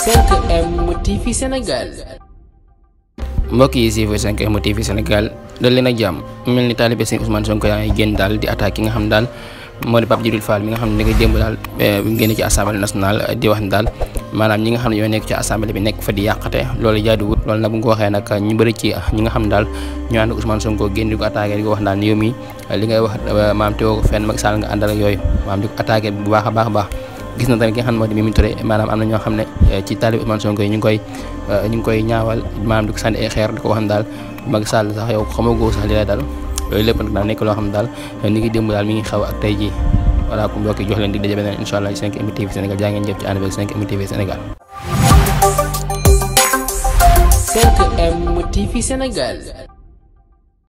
5M TV Sénégal. mbokk yi si 5M TV Sénégal dal leen ak jàmm mel ni taalibe sëñ Ousmane Sonko yaa ngi génn daal di attaque ki nga xam daal moo di Pape Djibril nga xam ne dangay démb daal bi eh, génn ci assemblée nationale eh, wax ni daal ñi nga xam ne ñoo nekk ci assemblée bi nekk fa di yàqate loolu jaaduwut loolu nag bu ko waxee nag ñu bëri ci ñi nga xam ne daal ñoo ànd Ousmane Sonko génn di ko wax daal ni yow mi li ngay wax eh, maam teewoo ko fenn Macky Sall nga àndal ak yooyu maam di ko bu baax a baax a baax gis na tamit ki nga xam ne moo di Mimi Touré maanaam am na ñoo xam ne eh, ci taalib Ousmane koy eh, ñu ngi koy ñaawal maanaam di ko sànni xeer di ko wax ne daal Macky Sall sax yow xamagoo sax li lay dal yooyu lépp nag nekk loo xam ne daal eh, ni ngi démb daal mi ngi xaw ak tey jii voilà ku mbokk yi jox leen di daje beneen incha allah ci 5 Sénégal jaa ngeen jëf ci ànd beeg 5M Sénégal.